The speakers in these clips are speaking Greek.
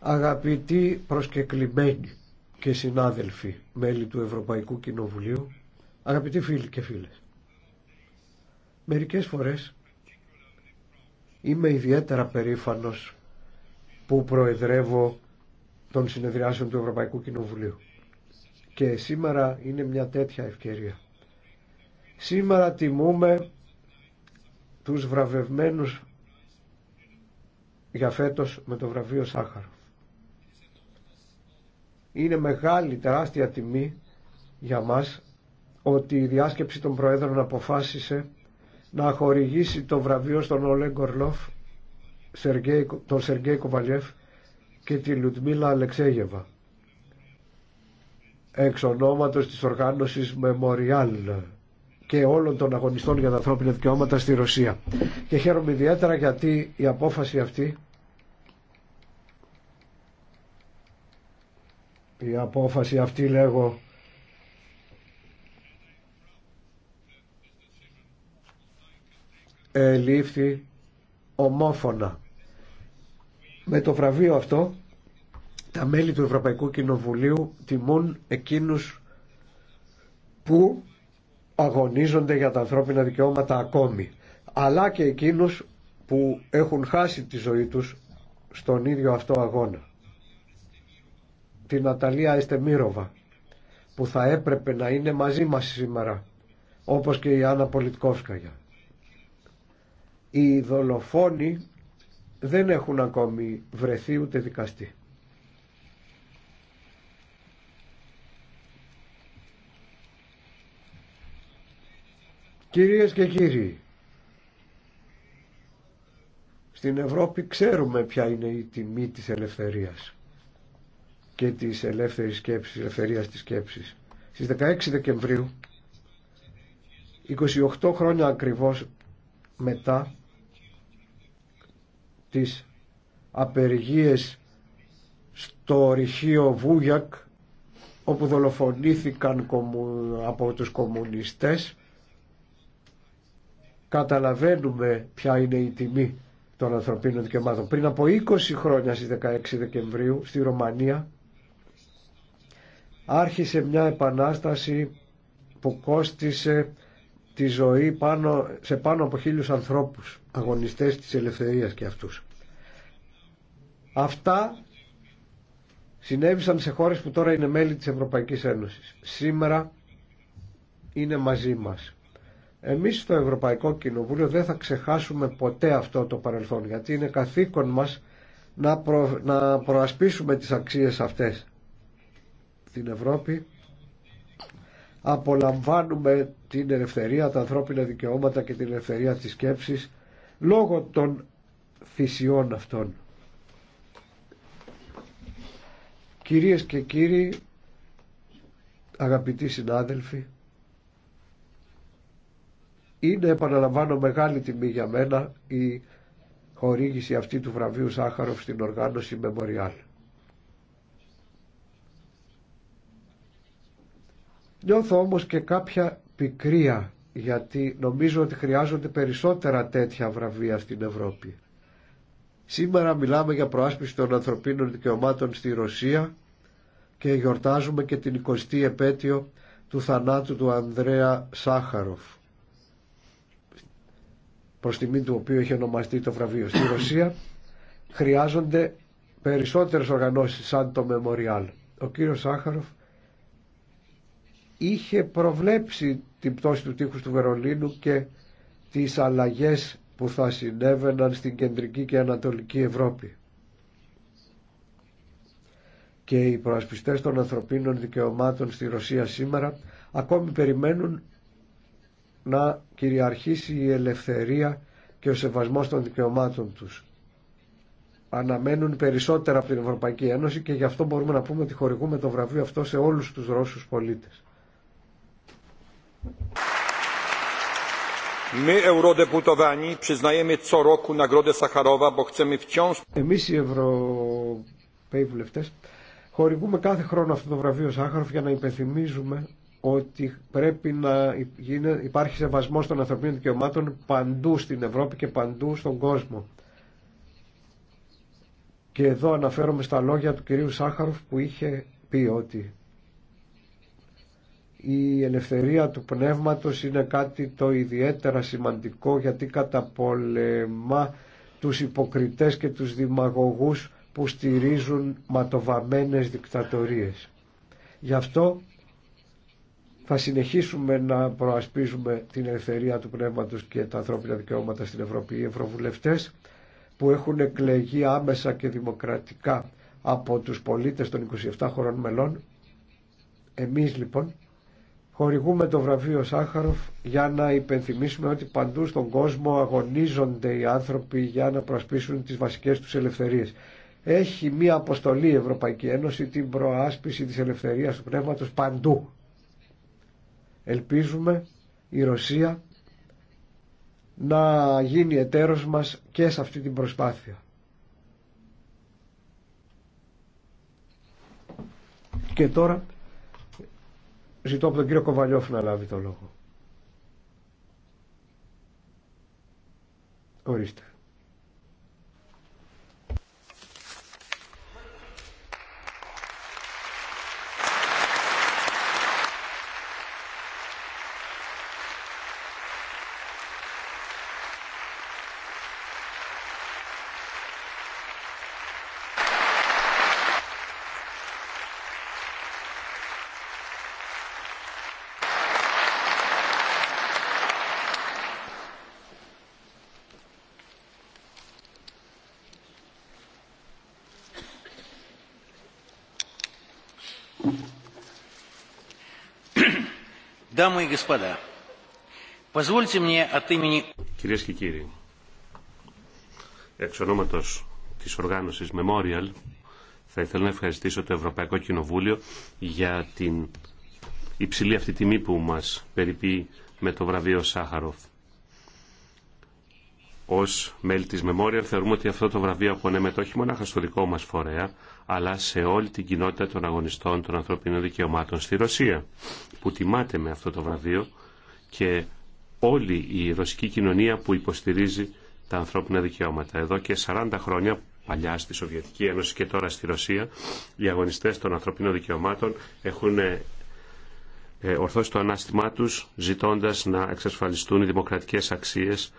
Αγαπητοί προσκεκλημένοι και συνάδελφοι μέλη του Ευρωπαϊκού Κοινοβουλίου, αγαπητοί φίλοι και φίλες, μερικές φορές είμαι ιδιαίτερα περήφανος που προεδρεύω των συνεδριάσεων του Ευρωπαϊκού Κοινοβουλίου. Και σήμερα είναι μια τέτοια ευκαιρία. Σήμερα τιμούμε τους βραβευμένους για φέτος με το βραβείο Σάχαρο. Είναι μεγάλη, τεράστια τιμή για μας ότι η διάσκεψη των Προέδρων αποφάσισε να χορηγήσει το βραβείο στον Ολέγκ Κορλόφ, τον Σεργέη Κοβαλιέφ και τη Λουτμίλα Αλεξέγεβα εξ ονόματος της οργάνωσης Memorial και όλων των αγωνιστών για τα ανθρώπινα δικαιώματα στη Ρωσία. Και χαίρομαι ιδιαίτερα γιατί η απόφαση αυτή η απόφαση αυτή λέγω ελήφθη ομόφωνα. Με το βραβείο αυτό τα μέλη του Ευρωπαϊκού Κοινοβουλίου τιμούν εκείνους που αγωνίζονται για τα ανθρώπινα δικαιώματα ακόμη αλλά και εκείνους που έχουν χάσει τη ζωή τους στον ίδιο αυτό αγώνα. Την Αταλία Εστεμίροβα που θα έπρεπε να είναι μαζί μας σήμερα όπως και η Άννα Πολιτκόφσκαγια. Οι δολοφόνοι δεν έχουν ακόμη βρεθεί ούτε δικαστή. Κυρίες και κύριοι, στην Ευρώπη ξέρουμε ποια είναι η τιμή της ελευθερίας και της ελεύθερης σκέψης, ελευθερίας της σκέψης. Στις 16 Δεκεμβρίου, 28 χρόνια ακριβώς μετά τις απεργίες στο ρηχείο Βούγιακ όπου δολοφονήθηκαν από τους κομμουνιστές καταλαβαίνουμε ποια είναι η τιμή των ανθρωπίνων δικαιωμάτων. Πριν από 20 χρόνια στις 16 Δεκεμβρίου στη Ρωμανία άρχισε μια επανάσταση που κόστισε τη ζωή πάνω, σε πάνω από χίλιους ανθρώπους, αγωνιστές της ελευθερίας και αυτούς. Αυτά συνέβησαν σε χώρες που τώρα είναι μέλη της Ευρωπαϊκής Ένωσης. Σήμερα είναι μαζί μας. Εμείς στο Ευρωπαϊκό Κοινοβούλιο δεν θα ξεχάσουμε ποτέ αυτό το παρελθόν γιατί είναι καθήκον μας να, να προασπίσουμε τις αξίες αυτές. Στην Ευρώπη απολαμβάνουμε την ελευθερία, τα ανθρώπινα δικαιώματα και την ελευθερία της σκέψης λόγω των θυσιών αυτών. Κυρίες και κύριοι, αγαπητοί συνάδελφοι, είναι, επαναλαμβάνω, μεγάλη τιμή για μένα η χορήγηση αυτή του βραβείου Σάχαροφ στην οργάνωση Memorial. Νιώθω όμως και κάποια πικρία γιατί νομίζω ότι χρειάζονται περισσότερα τέτοια βραβεία στην Ευρώπη. Σήμερα μιλάμε για προάσπιση των ανθρωπίνων δικαιωμάτων στη Ρωσία και γιορτάζουμε και την 20η επέτειο του θανάτου του Ανδρέα Σάχαροφ προς τιμή του οποίου έχει ονομαστεί το βραβείο στη Ρωσία χρειάζονται περισσότερες οργανώσεις σαν το Μεμοριάλ. Ο κύριος Σάχαροφ είχε προβλέψει την πτώση του τείχους του Βερολίνου και τις αλλαγές που θα συνέβαιναν στην κεντρική και ανατολική Ευρώπη. Και οι προασπιστές των ανθρωπίνων δικαιωμάτων στη Ρωσία σήμερα ακόμη περιμένουν να κυριαρχήσει η ελευθερία και ο σεβασμός των δικαιωμάτων τους. Αναμένουν περισσότερα από την Ευρωπαϊκή Ένωση και γι' αυτό μπορούμε να πούμε ότι χορηγούμε το βραβείο αυτό σε όλους τους Ρώσους πολίτες. Εμείς οι Ευρωπαίοι βουλευτές χορηγούμε κάθε χρόνο αυτό το βραβείο Σάχαροφ για να υπενθυμίζουμε ότι πρέπει να υπάρχει σεβασμός των ανθρωπίνων δικαιωμάτων παντού στην Ευρώπη και παντού στον κόσμο. Και εδώ αναφέρομαι στα λόγια του κυρίου Σάχαροφ που είχε πει ότι η ελευθερία του πνεύματος είναι κάτι το ιδιαίτερα σημαντικό γιατί καταπολεμά τους υποκριτές και τους δημαγωγούς που στηρίζουν ματοβαμμένες δικτατορίες. Γι' αυτό θα συνεχίσουμε να προασπίζουμε την ελευθερία του πνεύματος και τα ανθρώπινα δικαιώματα στην Ευρώπη. Οι ευρωβουλευτές που έχουν εκλεγεί άμεσα και δημοκρατικά από τους πολίτες των 27 χωρών μελών, εμείς λοιπόν χορηγούμε το βραβείο Σάχαροφ για να υπενθυμίσουμε ότι παντού στον κόσμο αγωνίζονται οι άνθρωποι για να προασπίσουν τις βασικές τους ελευθερίες. Έχει μία αποστολή η Ευρωπαϊκή Ένωση την προάσπιση της ελευθερίας του πνεύματος παντού. Ελπίζουμε η Ρωσία να γίνει εταίρος μας και σε αυτή την προσπάθεια. Και τώρα ζητώ από τον κύριο Κοβαλιόφ να λάβει το λόγο. Ορίστε. Κυρίες και κύριοι, εξ ονόματος της οργάνωσης Memorial θα ήθελα να ευχαριστήσω το Ευρωπαϊκό Κοινοβούλιο για την υψηλή αυτή τιμή που μας περιποιεί με το βραβείο Σάχαροφ. Ως μέλη της Memorial θεωρούμε ότι αυτό το βραβείο απονέμεται όχι μόνο στο δικό μας φορέα, αλλά σε όλη την κοινότητα των αγωνιστών των ανθρωπίνων δικαιωμάτων στη Ρωσία, που τιμάται με αυτό το βραβείο και όλη η ρωσική κοινωνία που υποστηρίζει τα ανθρώπινα δικαιώματα. Εδώ και 40 χρόνια παλιά στη Σοβιετική Ένωση και τώρα στη Ρωσία, οι αγωνιστές των ανθρωπίνων δικαιωμάτων έχουν ε, ε, ορθώσει το ανάστημά τους ζητώντας να εξασφαλιστούν οι δημοκρατικές αξίες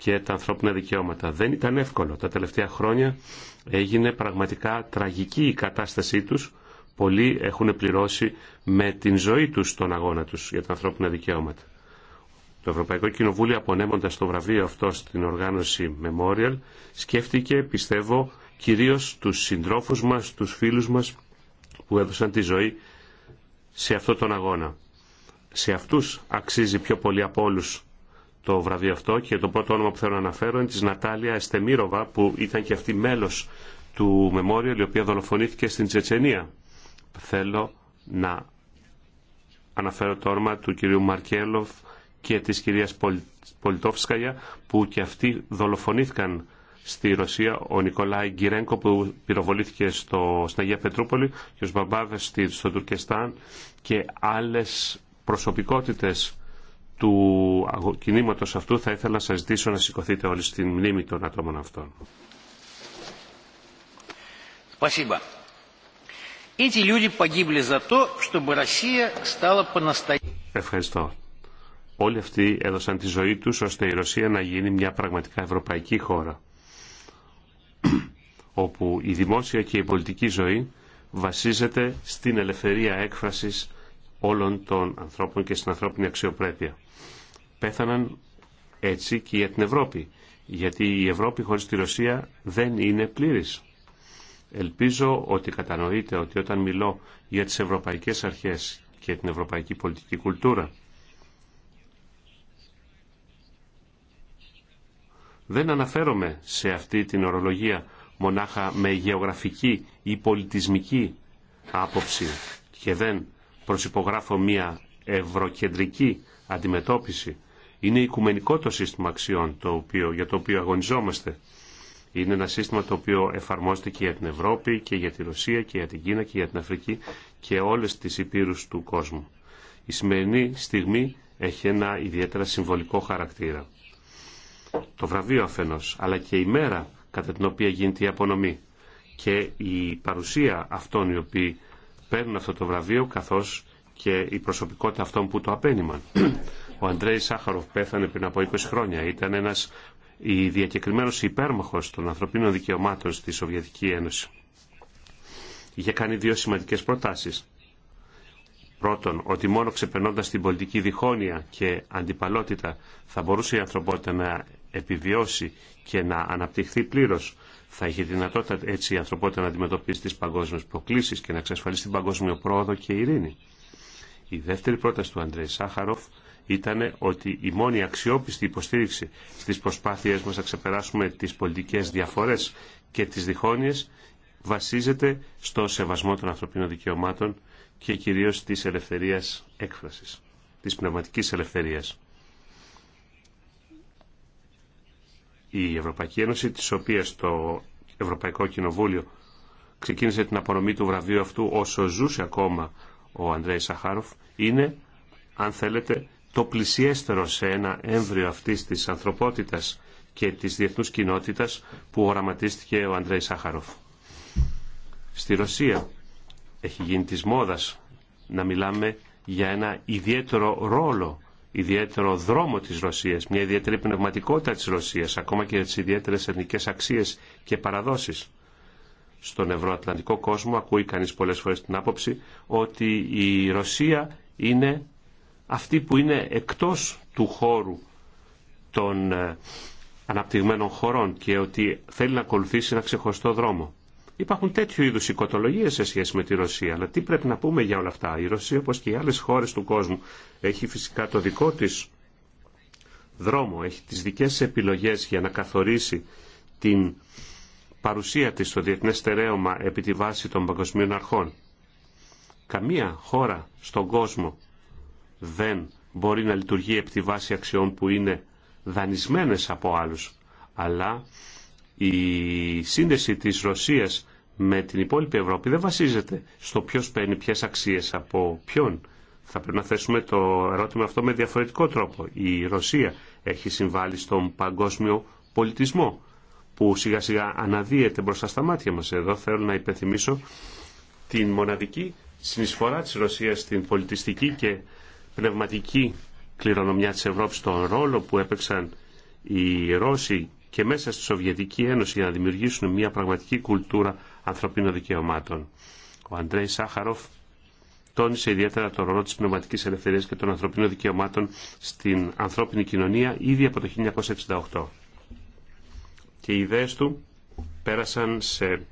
και τα ανθρώπινα δικαιώματα. Δεν ήταν εύκολο. Τα τελευταία χρόνια έγινε πραγματικά τραγική η κατάστασή τους. Πολλοί έχουν πληρώσει με την ζωή τους τον αγώνα τους για τα ανθρώπινα δικαιώματα. Το Ευρωπαϊκό Κοινοβούλιο απονέμοντας το βραβείο αυτό στην οργάνωση Memorial σκέφτηκε, πιστεύω, κυρίως τους συντρόφους μας, τους φίλους μας που έδωσαν τη ζωή σε αυτόν τον αγώνα. Σε αυτούς αξίζει πιο πολύ από όλους το βραβείο αυτό και το πρώτο όνομα που θέλω να αναφέρω είναι της Νατάλια Εστεμίροβα που ήταν και αυτή μέλος του Memorial η οποία δολοφονήθηκε στην Τσετσενία. Θέλω να αναφέρω το όνομα του κυρίου Μαρκέλοφ και της κυρίας Πολιτόφσκαγια που και αυτοί δολοφονήθηκαν στη Ρωσία ο Νικολάη Γκυρένκο που πυροβολήθηκε στο, στην Αγία Πετρούπολη και ο Μπαμπάβες στο Τουρκεστάν και άλλες προσωπικότητες του κινήματος αυτού θα ήθελα να σας ζητήσω να σηκωθείτε όλοι στην μνήμη των ατόμων αυτών. Ευχαριστώ. Όλοι αυτοί έδωσαν τη ζωή τους ώστε η Ρωσία να γίνει μια πραγματικά ευρωπαϊκή χώρα όπου η δημόσια και η πολιτική ζωή βασίζεται στην ελευθερία έκφρασης όλων των ανθρώπων και στην ανθρώπινη αξιοπρέπεια. Πέθαναν έτσι και για την Ευρώπη, γιατί η Ευρώπη χωρίς τη Ρωσία δεν είναι πλήρης. Ελπίζω ότι κατανοείτε ότι όταν μιλώ για τις ευρωπαϊκές αρχές και την ευρωπαϊκή πολιτική κουλτούρα, δεν αναφέρομαι σε αυτή την ορολογία μονάχα με γεωγραφική ή πολιτισμική άποψη και δεν προσυπογράφω μια ευρωκεντρική αντιμετώπιση. Είναι οικουμενικό το σύστημα αξιών το οποίο, για το οποίο αγωνιζόμαστε. Είναι ένα σύστημα το οποίο εφαρμόζεται και για την Ευρώπη και για τη Ρωσία και για την Κίνα και για την Αφρική και όλες τις υπήρους του κόσμου. Η σημερινή στιγμή έχει ένα ιδιαίτερα συμβολικό χαρακτήρα. Το βραβείο αφενός, αλλά και η μέρα κατά την οποία γίνεται η απονομή και η παρουσία αυτών οι οποίοι παίρνουν αυτό το βραβείο καθώς και η προσωπικότητα αυτών που το απένιμαν. Ο Αντρέη Σάχαροφ πέθανε πριν από 20 χρόνια. Ήταν ένας η διακεκριμένος υπέρμαχος των ανθρωπίνων δικαιωμάτων στη Σοβιετική Ένωση. Είχε κάνει δύο σημαντικές προτάσεις. Πρώτον, ότι μόνο ξεπερνώντας την πολιτική διχόνοια και αντιπαλότητα θα μπορούσε η ανθρωπότητα να επιβιώσει και να αναπτυχθεί πλήρως θα έχει δυνατότητα έτσι η ανθρωπότητα να αντιμετωπίσει τις παγκόσμιες προκλήσεις και να εξασφαλίσει την παγκόσμιο πρόοδο και ειρήνη. Η δεύτερη πρόταση του Αντρέη Σάχαροφ ήταν ότι η μόνη αξιόπιστη υποστήριξη στις προσπάθειές μας να ξεπεράσουμε τις πολιτικές διαφορές και τις διχόνοιες βασίζεται στο σεβασμό των ανθρωπίνων δικαιωμάτων και κυρίως της ελευθερίας έκφρασης, της πνευματικής ελευθερίας. η Ευρωπαϊκή Ένωση, τη οποία το Ευρωπαϊκό Κοινοβούλιο ξεκίνησε την απονομή του βραβείου αυτού όσο ζούσε ακόμα ο Ανδρέη Σαχάροφ, είναι, αν θέλετε, το πλησιέστερο σε ένα έμβριο αυτή της ανθρωπότητας και της διεθνούς κοινότητας που οραματίστηκε ο Ανδρέης Σάχαροφ. Στη Ρωσία έχει γίνει τη μόδας να μιλάμε για ένα ιδιαίτερο ρόλο ιδιαίτερο δρόμο της Ρωσίας, μια ιδιαίτερη πνευματικότητα της Ρωσίας, ακόμα και τις ιδιαίτερες εθνικές αξίες και παραδόσεις. Στον ευρωατλαντικό κόσμο ακούει κανείς πολλές φορές την άποψη ότι η Ρωσία είναι αυτή που είναι εκτός του χώρου των ε, αναπτυγμένων χωρών και ότι θέλει να ακολουθήσει ένα ξεχωριστό δρόμο. Υπάρχουν τέτοιου είδου οικοτολογίε σε σχέση με τη Ρωσία. Αλλά τι πρέπει να πούμε για όλα αυτά. Η Ρωσία, όπω και οι άλλε χώρε του κόσμου, έχει φυσικά το δικό τη δρόμο, έχει τι δικέ επιλογέ για να καθορίσει την παρουσία της στο διεθνές στερέωμα επί τη βάση των παγκοσμίων αρχών. Καμία χώρα στον κόσμο δεν μπορεί να λειτουργεί επί τη βάση αξιών που είναι δανεισμένες από άλλους. Αλλά η σύνδεση της Ρωσίας με την υπόλοιπη Ευρώπη δεν βασίζεται στο ποιος παίρνει ποιες αξίες από ποιον. Θα πρέπει να θέσουμε το ερώτημα αυτό με διαφορετικό τρόπο. Η Ρωσία έχει συμβάλει στον παγκόσμιο πολιτισμό που σιγά σιγά αναδύεται μπροστά στα μάτια μας. Εδώ θέλω να υπενθυμίσω την μοναδική συνεισφορά της Ρωσίας στην πολιτιστική και πνευματική κληρονομιά της Ευρώπης, τον ρόλο που έπαιξαν οι Ρώσοι και μέσα στη Σοβιετική Ένωση για να δημιουργήσουν μια πραγματική κουλτούρα ανθρωπίνων δικαιωμάτων. Ο Αντρέη Σάχαροφ τόνισε ιδιαίτερα το ρόλο τη πνευματική ελευθερία και των ανθρωπίνων δικαιωμάτων στην ανθρώπινη κοινωνία ήδη από το 1968. Και οι ιδέε του πέρασαν σε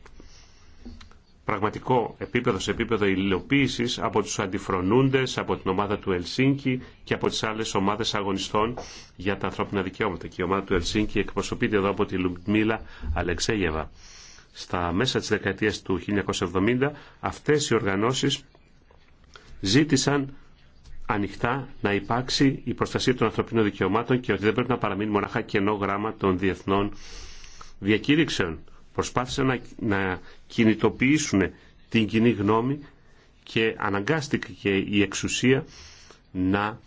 πραγματικό επίπεδο, σε επίπεδο υλοποίηση από του αντιφρονούντε, από την ομάδα του Ελσίνκη και από τι άλλε ομάδε αγωνιστών για τα ανθρώπινα δικαιώματα. Και η ομάδα του Ελσίνκη εκπροσωπείται εδώ από τη Λουμπμίλα Αλεξέγεβα στα μέσα της δεκαετίας του 1970 αυτές οι οργανώσεις ζήτησαν ανοιχτά να υπάρξει η προστασία των ανθρωπίνων δικαιωμάτων και ότι δεν πρέπει να παραμείνει μοναχά κενό γράμμα των διεθνών διακήρυξεων. Προσπάθησαν να, κινητοποιήσουν την κοινή γνώμη και αναγκάστηκε και η εξουσία να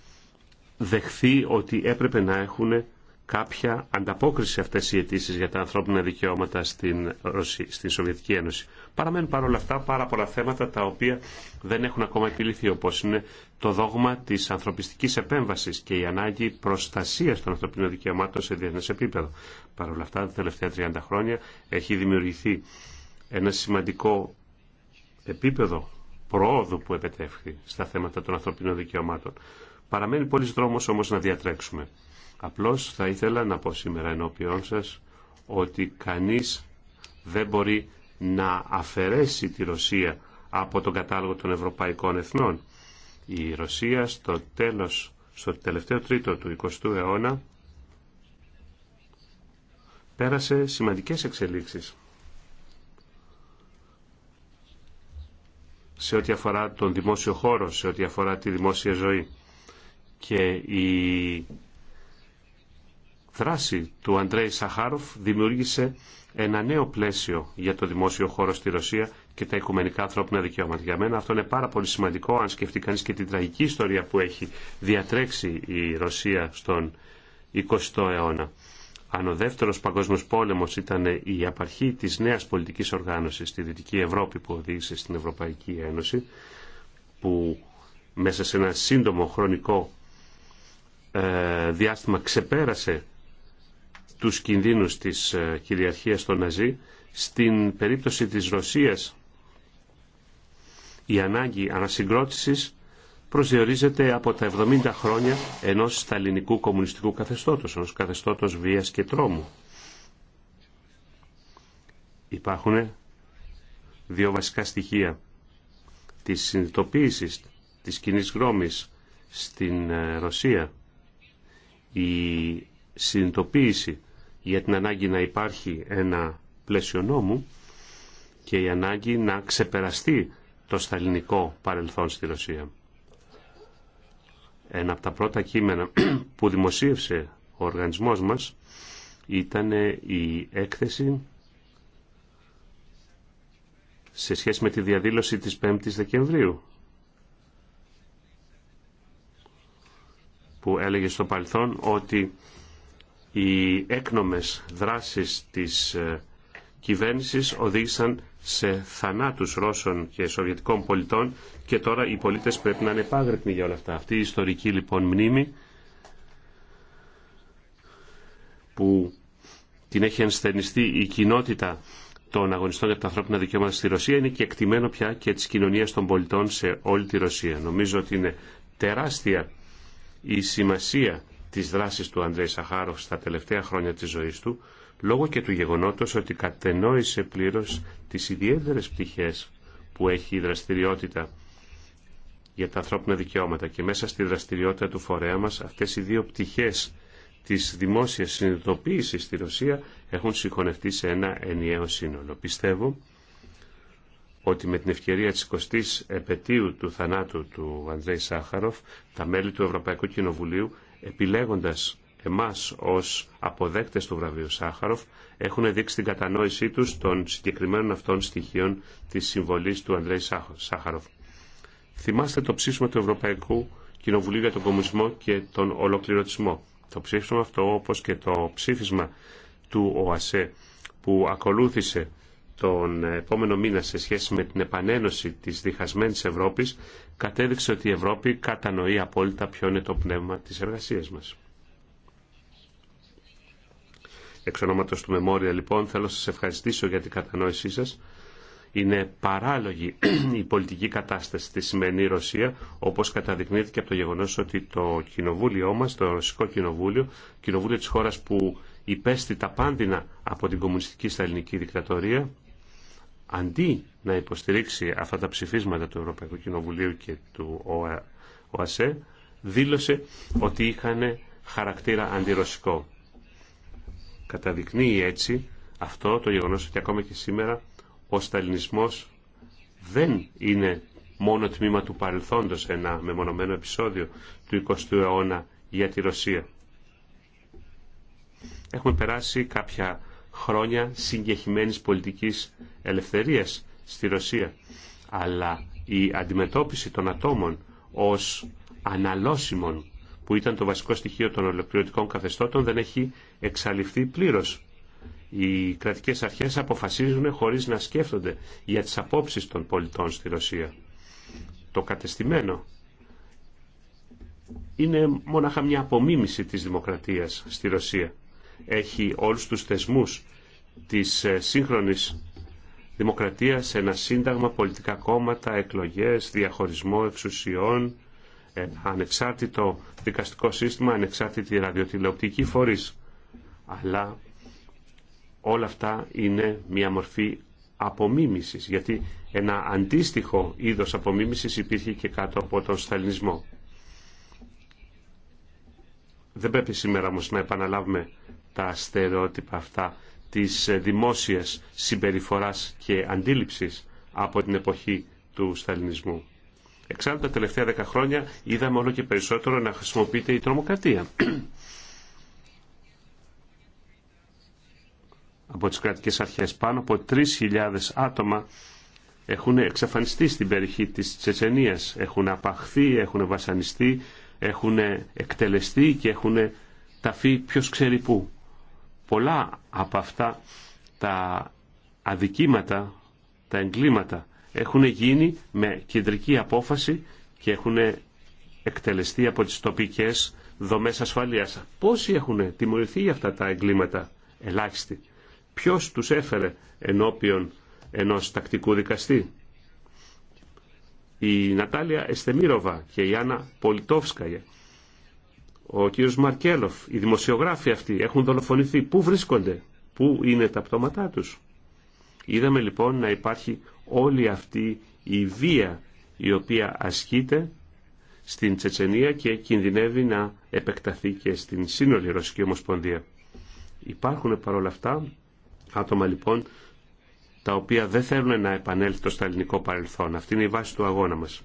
δεχθεί ότι έπρεπε να έχουν κάποια ανταπόκριση αυτέ αυτές οι αιτήσει για τα ανθρώπινα δικαιώματα στην, Σοβιετική Ένωση. Παραμένουν παρόλα αυτά πάρα πολλά θέματα τα οποία δεν έχουν ακόμα επιληθεί όπως είναι το δόγμα της ανθρωπιστικής επέμβασης και η ανάγκη προστασίας των ανθρωπίνων δικαιωμάτων σε διεθνές επίπεδο. Παρόλα αυτά τα τελευταία 30 χρόνια έχει δημιουργηθεί ένα σημαντικό επίπεδο προόδου που επετεύχθη στα θέματα των ανθρωπίνων δικαιωμάτων. Παραμένει πολλής δρόμος όμως να διατρέξουμε. Απλώς θα ήθελα να πω σήμερα ενώπιόν σας ότι κανείς δεν μπορεί να αφαιρέσει τη Ρωσία από τον κατάλογο των Ευρωπαϊκών Εθνών. Η Ρωσία στο τέλος, στο τελευταίο τρίτο του 20ου αιώνα πέρασε σημαντικές εξελίξεις σε ό,τι αφορά τον δημόσιο χώρο, σε ό,τι αφορά τη δημόσια ζωή. Και η δράση του Αντρέη Σαχάροφ δημιούργησε ένα νέο πλαίσιο για το δημόσιο χώρο στη Ρωσία και τα οικουμενικά ανθρώπινα δικαιώματα. Για μένα αυτό είναι πάρα πολύ σημαντικό αν σκεφτεί κανεί και την τραγική ιστορία που έχει διατρέξει η Ρωσία στον 20ο αιώνα. Αν ο δεύτερος παγκόσμιος πόλεμος ήταν η απαρχή τη νέα πολιτική οργάνωση στη Δυτική Ευρώπη που οδήγησε στην Ευρωπαϊκή Ένωση, που μέσα σε ένα σύντομο χρονικό ε, διάστημα ξεπέρασε τους κινδύνους της ε, κυριαρχίας των Ναζί. Στην περίπτωση της Ρωσίας η ανάγκη ανασυγκρότησης προσδιορίζεται από τα 70 χρόνια ενός σταλινικού κομμουνιστικού καθεστώτος, ενός καθεστώτος βίας και τρόμου. Υπάρχουν δύο βασικά στοιχεία της συνειδητοποίησης της κοινή γνώμης στην ε, Ρωσία. Η συνειδητοποίηση για την ανάγκη να υπάρχει ένα πλαίσιο νόμου και η ανάγκη να ξεπεραστεί το σταλινικό παρελθόν στη Ρωσία. Ένα από τα πρώτα κείμενα που δημοσίευσε ο οργανισμός μας ήταν η έκθεση σε σχέση με τη διαδήλωση της 5ης Δεκεμβρίου που έλεγε στο παρελθόν ότι οι έκνομες δράσεις της ε, κυβέρνησης οδήγησαν σε θανάτους Ρώσων και Σοβιετικών πολιτών και τώρα οι πολίτες πρέπει να είναι επάγρυπνοι για όλα αυτά. Αυτή η ιστορική λοιπόν μνήμη που την έχει ενσθενιστεί η κοινότητα των αγωνιστών για τα ανθρώπινα δικαιώματα στη Ρωσία είναι και εκτιμένο πια και της κοινωνίας των πολιτών σε όλη τη Ρωσία. Νομίζω ότι είναι τεράστια η σημασία τις δράσεις του Αντρέη Σαχάροφ στα τελευταία χρόνια της ζωής του, λόγω και του γεγονότος ότι κατενόησε πλήρως τις ιδιαίτερες πτυχές που έχει η δραστηριότητα για τα ανθρώπινα δικαιώματα και μέσα στη δραστηριότητα του φορέα μας αυτές οι δύο πτυχές της δημόσιας συνειδητοποίησης στη Ρωσία έχουν συγχωνευτεί σε ένα ενιαίο σύνολο. Πιστεύω ότι με την ευκαιρία της 20ης επαιτίου του θανάτου του Ανδρέη Σάχαροφ, τα μέλη του Ευρωπαϊκού Κοινοβουλίου επιλέγοντας εμάς ως αποδέκτες του βραβείου Σάχαροφ έχουν δείξει την κατανόησή τους των συγκεκριμένων αυτών στοιχείων της συμβολής του Ανδρέη Σάχαροφ. Θυμάστε το ψήφισμα του Ευρωπαϊκού Κοινοβουλίου για τον Κομμουνισμό και τον Ολοκληρωτισμό. Το ψήφισμα αυτό όπως και το ψήφισμα του ΟΑΣΕ που ακολούθησε τον επόμενο μήνα σε σχέση με την επανένωση της διχασμένης Ευρώπης κατέδειξε ότι η Ευρώπη κατανοεί απόλυτα ποιο είναι το πνεύμα της εργασίας μας. Εξ ονόματος του Μεμόρια λοιπόν θέλω να σας ευχαριστήσω για την κατανόησή σας. Είναι παράλογη η πολιτική κατάσταση στη σημερινή Ρωσία, όπως καταδεικνύεται και από το γεγονός ότι το κοινοβούλιο μας, το Ρωσικό Κοινοβούλιο, κοινοβούλιο της χώρας που υπέστη τα πάντινα από την κομμουνιστική στα ελληνική δικτατορία, αντί να υποστηρίξει αυτά τα ψηφίσματα του Ευρωπαϊκού Κοινοβουλίου και του ΟΑΣΕ, δήλωσε ότι είχαν χαρακτήρα αντιρωσικό. Καταδεικνύει έτσι αυτό το γεγονός ότι ακόμα και σήμερα ο σταλινισμός δεν είναι μόνο τμήμα του παρελθόντος ένα μεμονωμένο επεισόδιο του 20ου αιώνα για τη Ρωσία. Έχουμε περάσει κάποια χρόνια συγκεχημένης πολιτικής ελευθερίας στη Ρωσία. Αλλά η αντιμετώπιση των ατόμων ως αναλώσιμων που ήταν το βασικό στοιχείο των ολοκληρωτικών καθεστώτων δεν έχει εξαλειφθεί πλήρως. Οι κρατικές αρχές αποφασίζουν χωρίς να σκέφτονται για τις απόψεις των πολιτών στη Ρωσία. Το κατεστημένο είναι μόναχα μια απομίμηση της δημοκρατίας στη Ρωσία έχει όλους τους θεσμούς της ε, σύγχρονης δημοκρατίας, ένα σύνταγμα, πολιτικά κόμματα, εκλογές, διαχωρισμό εξουσιών, ανεξάρτητο δικαστικό σύστημα, ανεξάρτητη ραδιοτηλεοπτική φορής. Αλλά όλα αυτά είναι μια μορφή απομίμησης, γιατί ένα αντίστοιχο είδος απομίμησης υπήρχε και κάτω από τον σταλινισμό. Δεν πρέπει σήμερα όμως να επαναλάβουμε τα στερεότυπα αυτά της δημόσιας συμπεριφοράς και αντίληψης από την εποχή του σταλινισμού. Εξάλλου τα τελευταία δέκα χρόνια είδαμε όλο και περισσότερο να χρησιμοποιείται η τρομοκρατία. από τις κρατικές αρχές πάνω από 3.000 άτομα έχουν εξαφανιστεί στην περιοχή της Τσετσενίας, έχουν απαχθεί, έχουν βασανιστεί, έχουν εκτελεστεί και έχουν ταφεί ποιος ξέρει πού πολλά από αυτά τα αδικήματα, τα εγκλήματα έχουν γίνει με κεντρική απόφαση και έχουν εκτελεστεί από τις τοπικές δομές ασφαλείας. Πόσοι έχουν τιμωρηθεί για αυτά τα εγκλήματα, ελάχιστοι. Ποιος τους έφερε ενώπιον ενός τακτικού δικαστή. Η Νατάλια Εστεμίροβα και η Άννα Πολιτόφσκαγε ο κύριος Μαρκέλοφ, οι δημοσιογράφοι αυτοί έχουν δολοφονηθεί. Πού βρίσκονται, πού είναι τα πτώματά τους. Είδαμε λοιπόν να υπάρχει όλη αυτή η βία η οποία ασκείται στην Τσετσενία και κινδυνεύει να επεκταθεί και στην σύνολη Ρωσική Ομοσπονδία. Υπάρχουν παρόλα αυτά άτομα λοιπόν τα οποία δεν θέλουν να επανέλθει στο σταλινικό παρελθόν. Αυτή είναι η βάση του αγώνα μας.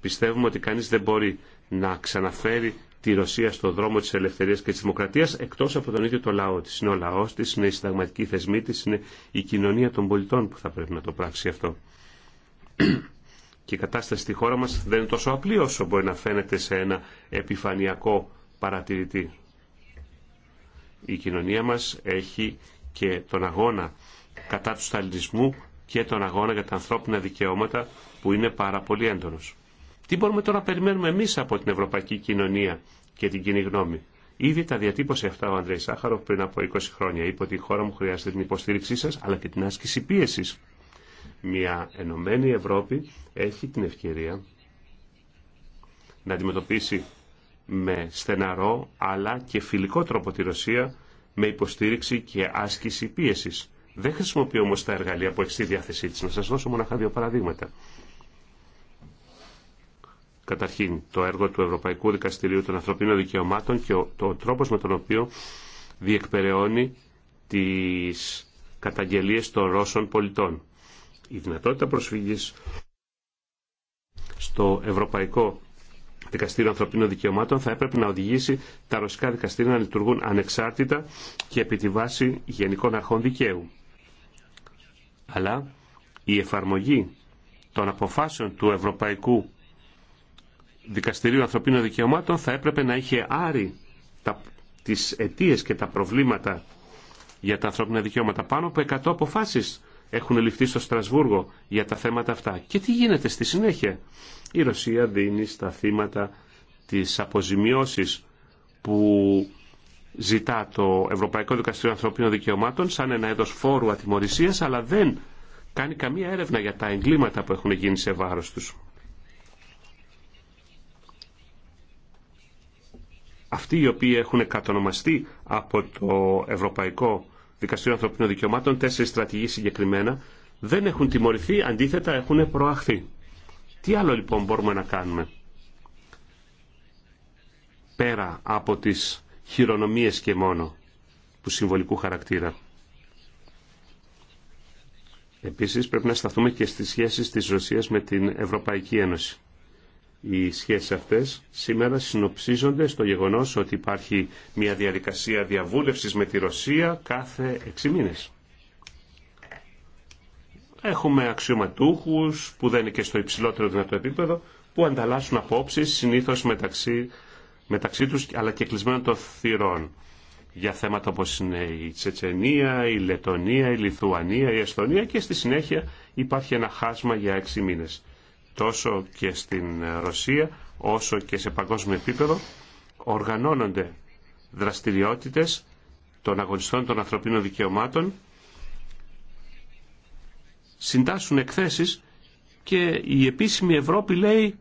Πιστεύουμε ότι κανείς δεν μπορεί να ξαναφέρει τη Ρωσία στον δρόμο της ελευθερίας και της δημοκρατίας εκτός από τον ίδιο το λαό της. Είναι ο λαός της, είναι η συνταγματική θεσμή της, είναι η κοινωνία των πολιτών που θα πρέπει να το πράξει αυτό. Και η κατάσταση στη χώρα μας δεν είναι τόσο απλή όσο μπορεί να φαίνεται σε ένα επιφανειακό παρατηρητή. Η κοινωνία μας έχει και τον αγώνα κατά του σταλινισμού και τον αγώνα για τα ανθρώπινα δικαιώματα που είναι πάρα πολύ έντονος. Τι μπορούμε τώρα να περιμένουμε εμεί από την ευρωπαϊκή κοινωνία και την κοινή γνώμη. Ήδη τα διατύπωσε αυτά ο Ανδρέη Σάχαροφ πριν από 20 χρόνια. Είπε ότι η χώρα μου χρειάζεται την υποστήριξή σα αλλά και την άσκηση πίεση. Μια ενωμένη Ευρώπη έχει την ευκαιρία να αντιμετωπίσει με στεναρό αλλά και φιλικό τρόπο τη Ρωσία με υποστήριξη και άσκηση πίεση. Δεν χρησιμοποιεί όμω τα εργαλεία που έχει στη διάθεσή τη. Να σα δώσω μοναχά δύο παραδείγματα. Καταρχήν, το έργο του Ευρωπαϊκού Δικαστηρίου των Ανθρωπίνων Δικαιωμάτων και ο, το, τρόπος με τον οποίο διεκπεραιώνει τις καταγγελίες των Ρώσων πολιτών. Η δυνατότητα προσφυγής στο Ευρωπαϊκό Δικαστήριο Ανθρωπίνων Δικαιωμάτων θα έπρεπε να οδηγήσει τα ρωσικά δικαστήρια να λειτουργούν ανεξάρτητα και επί τη βάση γενικών αρχών δικαίου. Αλλά η εφαρμογή των αποφάσεων του Ευρωπαϊκού Δικαστηρίου Ανθρωπίνων Δικαιωμάτων θα έπρεπε να είχε άρει τα, τις αιτίες και τα προβλήματα για τα ανθρώπινα δικαιώματα. Πάνω από 100 αποφάσεις έχουν ληφθεί στο Στρασβούργο για τα θέματα αυτά. Και τι γίνεται στη συνέχεια. Η Ρωσία δίνει στα θύματα τις αποζημιώσεις που ζητά το Ευρωπαϊκό Δικαστήριο Ανθρωπίνων Δικαιωμάτων σαν ένα έδος φόρου ατιμορρησίας, αλλά δεν κάνει καμία έρευνα για τα εγκλήματα που έχουν γίνει σε βάρος τους. αυτοί οι οποίοι έχουν κατονομαστεί από το Ευρωπαϊκό Δικαστήριο Ανθρωπίνων Δικαιωμάτων, τέσσερι στρατηγοί συγκεκριμένα, δεν έχουν τιμωρηθεί, αντίθετα έχουν προαχθεί. Τι άλλο λοιπόν μπορούμε να κάνουμε πέρα από τις χειρονομίες και μόνο του συμβολικού χαρακτήρα. Επίσης πρέπει να σταθούμε και στις σχέσεις της Ρωσίας με την Ευρωπαϊκή Ένωση οι σχέσεις αυτές σήμερα συνοψίζονται στο γεγονός ότι υπάρχει μια διαδικασία διαβούλευσης με τη Ρωσία κάθε 6 μήνες. Έχουμε αξιωματούχους που δεν είναι και στο υψηλότερο δυνατό επίπεδο που ανταλλάσσουν απόψεις συνήθως μεταξύ, μεταξύ τους αλλά και κλεισμένων των θυρών για θέματα όπως είναι η Τσετσενία, η Λετωνία, η Λιθουανία, η Εσθονία και στη συνέχεια υπάρχει ένα χάσμα για 6 μήνες τόσο και στην Ρωσία όσο και σε παγκόσμιο επίπεδο οργανώνονται δραστηριότητες των αγωνιστών των ανθρωπίνων δικαιωμάτων συντάσσουν εκθέσεις και η επίσημη Ευρώπη λέει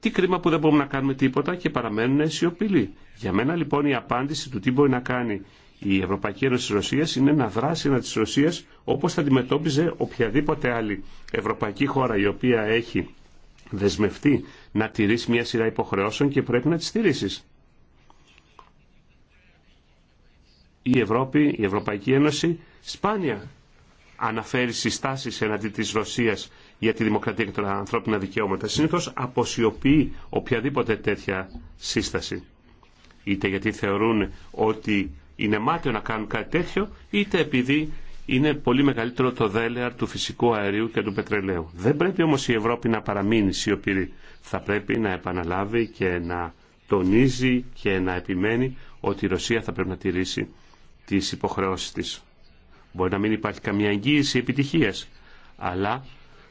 τι κρίμα που δεν μπορούμε να κάνουμε τίποτα και παραμένουν σιωπηλοί. Για μένα λοιπόν η απάντηση του τι μπορεί να κάνει η Ευρωπαϊκή Ένωση της Ρωσίας είναι να δράσει ένα της Ρωσίας όπως θα αντιμετώπιζε οποιαδήποτε άλλη ευρωπαϊκή χώρα η οποία έχει δεσμευτεί να τηρήσει μια σειρά υποχρεώσεων και πρέπει να τις τηρήσεις. Η Ευρώπη, η Ευρωπαϊκή Ένωση σπάνια αναφέρει συστάσεις εναντί της Ρωσίας για τη δημοκρατία και τα ανθρώπινα δικαιώματα. Συνήθω αποσιοποιεί οποιαδήποτε τέτοια σύσταση. Είτε γιατί θεωρούν ότι είναι μάτιο να κάνουν κάτι τέτοιο, είτε επειδή είναι πολύ μεγαλύτερο το δέλεαρ του φυσικού αερίου και του πετρελαίου. Δεν πρέπει όμως η Ευρώπη να παραμείνει σιωπηρή. Θα πρέπει να επαναλάβει και να τονίζει και να επιμένει ότι η Ρωσία θα πρέπει να τηρήσει τις υποχρεώσεις της. Μπορεί να μην υπάρχει καμία εγγύηση επιτυχίας, αλλά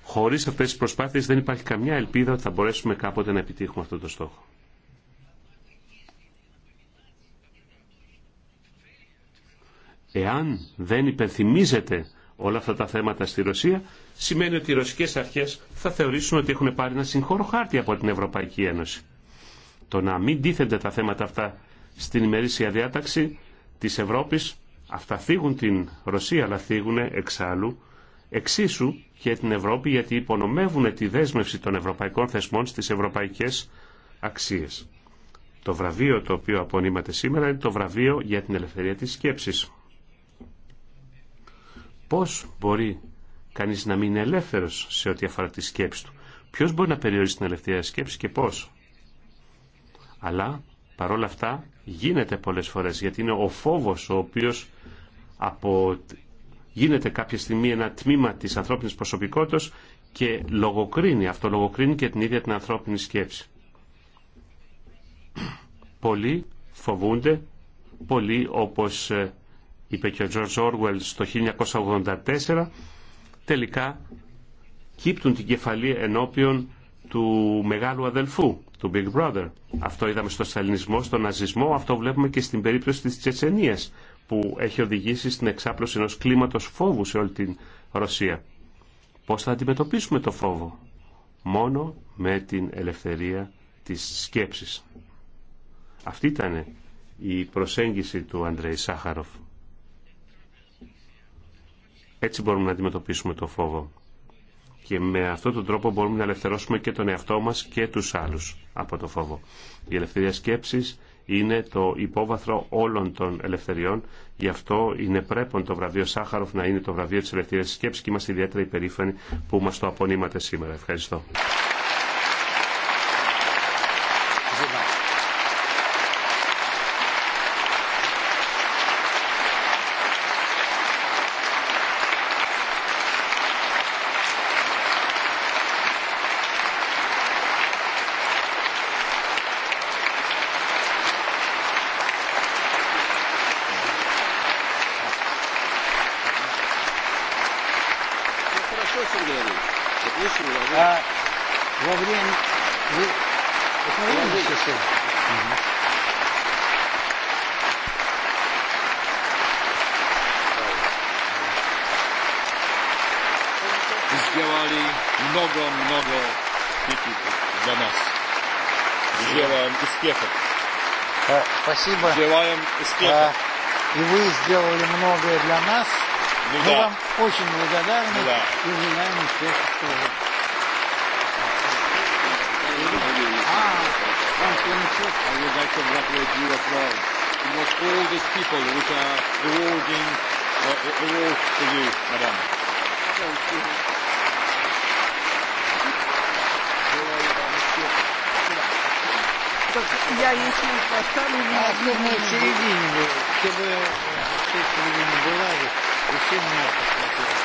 χωρίς αυτές τις προσπάθειες δεν υπάρχει καμιά ελπίδα ότι θα μπορέσουμε κάποτε να επιτύχουμε αυτό το στόχο. Εάν δεν υπενθυμίζεται όλα αυτά τα θέματα στη Ρωσία, σημαίνει ότι οι ρωσικές αρχές θα θεωρήσουν ότι έχουν πάρει ένα συγχώρο χάρτη από την Ευρωπαϊκή Ένωση. Το να μην τίθενται τα θέματα αυτά στην ημερήσια διάταξη της Ευρώπης, αυτά θίγουν την Ρωσία, αλλά θίγουν εξάλλου εξίσου και την Ευρώπη γιατί υπονομεύουν τη δέσμευση των ευρωπαϊκών θεσμών στις ευρωπαϊκές αξίες. Το βραβείο το οποίο απονείμαται σήμερα είναι το βραβείο για την ελευθερία της σκέψης. Πώς μπορεί κανείς να μην είναι ελεύθερος σε ό,τι αφορά τη σκέψη του. Ποιος μπορεί να περιορίσει την ελευθερία σκέψη και πώς. Αλλά παρόλα αυτά γίνεται πολλές φορές γιατί είναι ο φόβος ο οποίος από... γίνεται κάποια στιγμή ένα τμήμα της ανθρώπινης προσωπικότητας και λογοκρίνει, αυτό λογοκρίνει και την ίδια την ανθρώπινη σκέψη. Πολλοί φοβούνται, πολλοί όπως ε, είπε και ο Τζορτζ Όρουελ στο 1984, τελικά κύπτουν την κεφαλή ενώπιον του μεγάλου αδελφού, του Big Brother. Αυτό είδαμε στο σαλινισμό, στον ναζισμό, αυτό βλέπουμε και στην περίπτωση της Τσετσενίας που έχει οδηγήσει στην εξάπλωση ενός κλίματος φόβου σε όλη την Ρωσία. Πώς θα αντιμετωπίσουμε το φόβο. Μόνο με την ελευθερία της σκέψης. Αυτή ήταν η προσέγγιση του Αντρέη Σάχαροφ. Έτσι μπορούμε να αντιμετωπίσουμε το φόβο. Και με αυτόν τον τρόπο μπορούμε να ελευθερώσουμε και τον εαυτό μας και τους άλλους από το φόβο. Η ελευθερία σκέψης είναι το υπόβαθρο όλων των ελευθεριών. Γι' αυτό είναι πρέπον το βραβείο Σάχαροφ να είναι το βραβείο της ελευθερίας σκέψης και είμαστε ιδιαίτερα υπερήφανοι που μας το απονείματε σήμερα. Ευχαριστώ. спасибо. Желаем успеха. И вы сделали многое для нас. Ну, Мы да. вам очень благодарны да. и желаем успеха тоже. I would like to congratulate you as well. It was all these people which are awarding uh, awards to you, madam. Thank you. Я, еще не поставлю, не одну середине, чтобы все середине была, и все меня посмотрели.